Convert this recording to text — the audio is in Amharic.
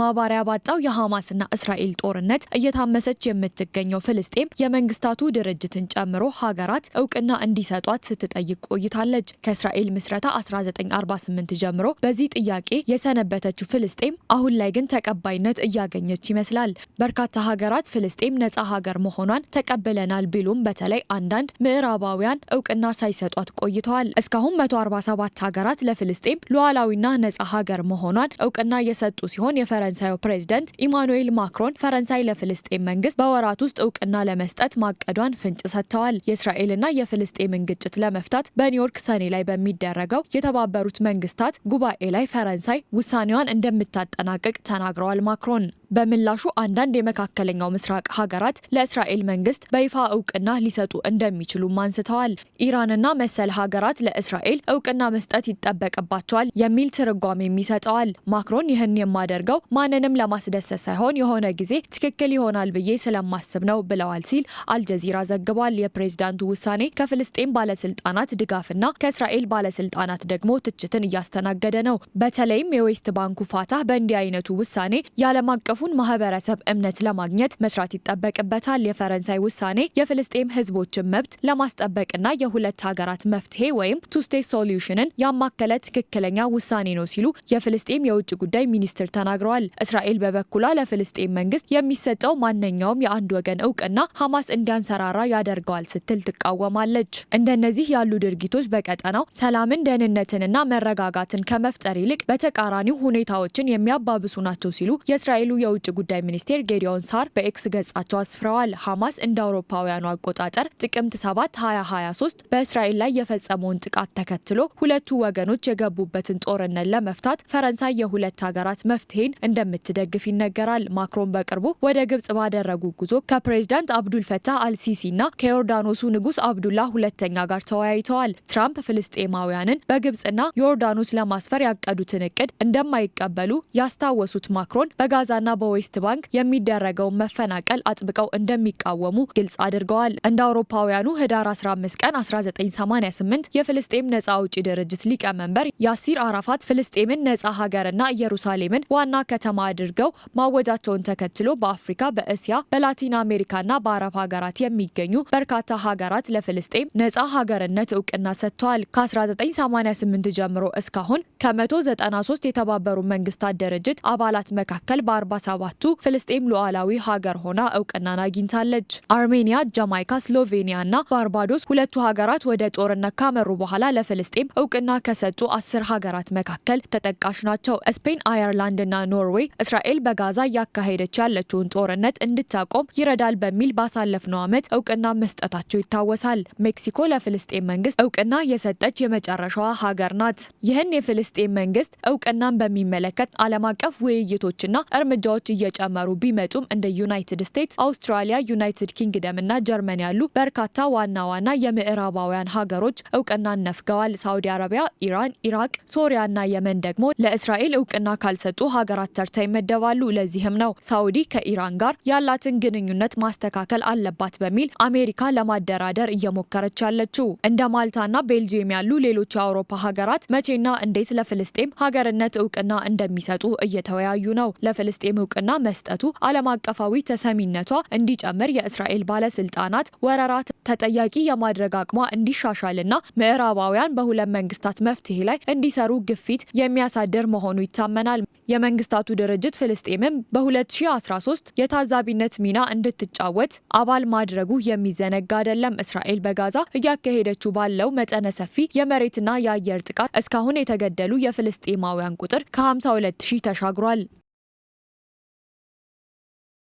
ማባሪያ ባጣው የሐማስና እስራኤል ጦርነት እየታመሰች የምትገኘው ፍልስጤም የመንግስታቱ ድርጅትን ጨምሮ ሀገራት እውቅና እንዲሰጧት ስትጠይቅ ቆይታለች። ከእስራኤል ምስረታ 1948 ጀምሮ በዚህ ጥያቄ የሰነበተችው ፍልስጤም አሁን ላይ ግን ተቀባይነት እያገኘች ይመስላል። በርካታ ሀገራት ፍልስጤም ነጻ ሀገር መሆኗን ተቀብለናል ቢሉም በተለይ አንዳንድ ምዕራባውያን እውቅና ሳይሰጧት ቆይተዋል። እስካሁን 147 ሀገራት ለፍልስጤም ሉዓላዊና ነጻ ሀገር መሆኗን እውቅና የሰጡ ሲሆን የፈ የፈረንሳዩ ፕሬዝደንት ኢማኑኤል ማክሮን ፈረንሳይ ለፍልስጤም መንግስት በወራት ውስጥ እውቅና ለመስጠት ማቀዷን ፍንጭ ሰጥተዋል። የእስራኤልና የፍልስጤምን ግጭት ለመፍታት በኒውዮርክ ሰኔ ላይ በሚደረገው የተባበሩት መንግስታት ጉባኤ ላይ ፈረንሳይ ውሳኔዋን እንደምታጠናቅቅ ተናግረዋል። ማክሮን በምላሹ አንዳንድ የመካከለኛው ምስራቅ ሀገራት ለእስራኤል መንግስት በይፋ እውቅና ሊሰጡ እንደሚችሉም አንስተዋል። ኢራንና መሰል ሀገራት ለእስራኤል እውቅና መስጠት ይጠበቅባቸዋል የሚል ትርጓሜም ይሰጠዋል። ማክሮን ይህን የማደርገው ማንንም ለማስደሰት ሳይሆን የሆነ ጊዜ ትክክል ይሆናል ብዬ ስለማስብ ነው ብለዋል ሲል አልጀዚራ ዘግቧል። የፕሬዝዳንቱ ውሳኔ ከፍልስጤም ባለስልጣናት ድጋፍና ከእስራኤል ባለስልጣናት ደግሞ ትችትን እያስተናገደ ነው። በተለይም የዌስት ባንኩ ፋታህ በእንዲህ አይነቱ ውሳኔ የዓለም አቀፉን ማህበረሰብ እምነት ለማግኘት መስራት ይጠበቅበታል። የፈረንሳይ ውሳኔ የፍልስጤም ህዝቦችን መብት ለማስጠበቅና የሁለት ሀገራት መፍትሄ ወይም ቱስቴት ሶሉሽንን ያማከለ ትክክለኛ ውሳኔ ነው ሲሉ የፍልስጤም የውጭ ጉዳይ ሚኒስትር ተናግረዋል። አስታውቀዋል። እስራኤል በበኩሏ ለፍልስጤም መንግስት የሚሰጠው ማንኛውም የአንድ ወገን እውቅና ሐማስ እንዲያንሰራራ ያደርገዋል ስትል ትቃወማለች። እንደነዚህ ያሉ ድርጊቶች በቀጠናው ሰላምን፣ ደህንነትንና መረጋጋትን ከመፍጠር ይልቅ በተቃራኒው ሁኔታዎችን የሚያባብሱ ናቸው ሲሉ የእስራኤሉ የውጭ ጉዳይ ሚኒስቴር ጌዲዮን ሳር በኤክስ ገጻቸው አስፍረዋል። ሐማስ እንደ አውሮፓውያኑ አቆጣጠር ጥቅምት 7 2023 በእስራኤል ላይ የፈጸመውን ጥቃት ተከትሎ ሁለቱ ወገኖች የገቡበትን ጦርነት ለመፍታት ፈረንሳይ የሁለት ሀገራት መፍትሄን እንደምትደግፍ ይነገራል። ማክሮን በቅርቡ ወደ ግብጽ ባደረጉ ጉዞ ከፕሬዝዳንት አብዱልፈታህ አልሲሲ እና ከዮርዳኖሱ ንጉስ አብዱላ ሁለተኛ ጋር ተወያይተዋል። ትራምፕ ፍልስጤማውያንን በግብጽና ዮርዳኖስ ለማስፈር ያቀዱትን እቅድ እንደማይቀበሉ ያስታወሱት ማክሮን በጋዛና በዌስት ባንክ የሚደረገውን መፈናቀል አጥብቀው እንደሚቃወሙ ግልጽ አድርገዋል። እንደ አውሮፓውያኑ ህዳር 15 ቀን 1988 የፍልስጤም ነጻ አውጪ ድርጅት ሊቀመንበር ያሲር አራፋት ፍልስጤምን ነጻ ሀገርና ኢየሩሳሌምን ዋና ከተማ አድርገው ማወጃቸውን ተከትሎ በአፍሪካ፣ በእስያ፣ በላቲን አሜሪካና በአረብ ሀገራት የሚገኙ በርካታ ሀገራት ለፍልስጤም ነጻ ሀገርነት እውቅና ሰጥተዋል። ከ1988 ጀምሮ እስካሁን ከ193 የተባበሩ መንግስታት ድርጅት አባላት መካከል በ47ቱ ፍልስጤም ሉዓላዊ ሀገር ሆና እውቅናን አግኝታለች። አርሜኒያ፣ ጃማይካ፣ እና ባርባዶስ ሁለቱ ሀገራት ወደ ጦርነት ካመሩ በኋላ ለፍልስጤም እውቅና ከሰጡ አስር ሀገራት መካከል ተጠቃሽ ናቸው። ስፔን፣ ና ኖር ኖርዌይ እስራኤል በጋዛ እያካሄደች ያለችውን ጦርነት እንድታቆም ይረዳል በሚል ባሳለፍነው ዓመት እውቅና መስጠታቸው ይታወሳል። ሜክሲኮ ለፍልስጤን መንግስት እውቅና የሰጠች የመጨረሻዋ ሀገር ናት። ይህን የፍልስጤን መንግስት እውቅናን በሚመለከት ዓለም አቀፍ ውይይቶችና እርምጃዎች እየጨመሩ ቢመጡም እንደ ዩናይትድ ስቴትስ፣ አውስትራሊያ፣ ዩናይትድ ኪንግደም እና ጀርመን ያሉ በርካታ ዋና ዋና የምዕራባውያን ሀገሮች እውቅናን ነፍገዋል። ሳውዲ አረቢያ፣ ኢራን፣ ኢራቅ፣ ሶሪያና የመን ደግሞ ለእስራኤል እውቅና ካልሰጡ ሀገራት ተርታ ይመደባሉ። ለዚህም ነው ሳውዲ ከኢራን ጋር ያላትን ግንኙነት ማስተካከል አለባት በሚል አሜሪካ ለማደራደር እየሞከረች ያለችው። እንደ ማልታና ቤልጂየም ያሉ ሌሎች የአውሮፓ ሀገራት መቼና እንዴት ለፍልስጤም ሀገርነት እውቅና እንደሚሰጡ እየተወያዩ ነው። ለፍልስጤም እውቅና መስጠቱ ዓለም አቀፋዊ ተሰሚነቷ እንዲጨምር የእስራኤል ባለስልጣናት ወረራ ተጠያቂ የማድረግ አቅሟ እንዲሻሻልና ምዕራባውያን በሁለት መንግስታት መፍትሄ ላይ እንዲሰሩ ግፊት የሚያሳድር መሆኑ ይታመናል። የመንግስታቱ መንግስታቱ ድርጅት ፍልስጤምም በ2013 የታዛቢነት ሚና እንድትጫወት አባል ማድረጉ የሚዘነጋ አይደለም። እስራኤል በጋዛ እያካሄደችው ባለው መጠነ ሰፊ የመሬትና የአየር ጥቃት እስካሁን የተገደሉ የፍልስጤማውያን ቁጥር ከ52 ሺህ ተሻግሯል።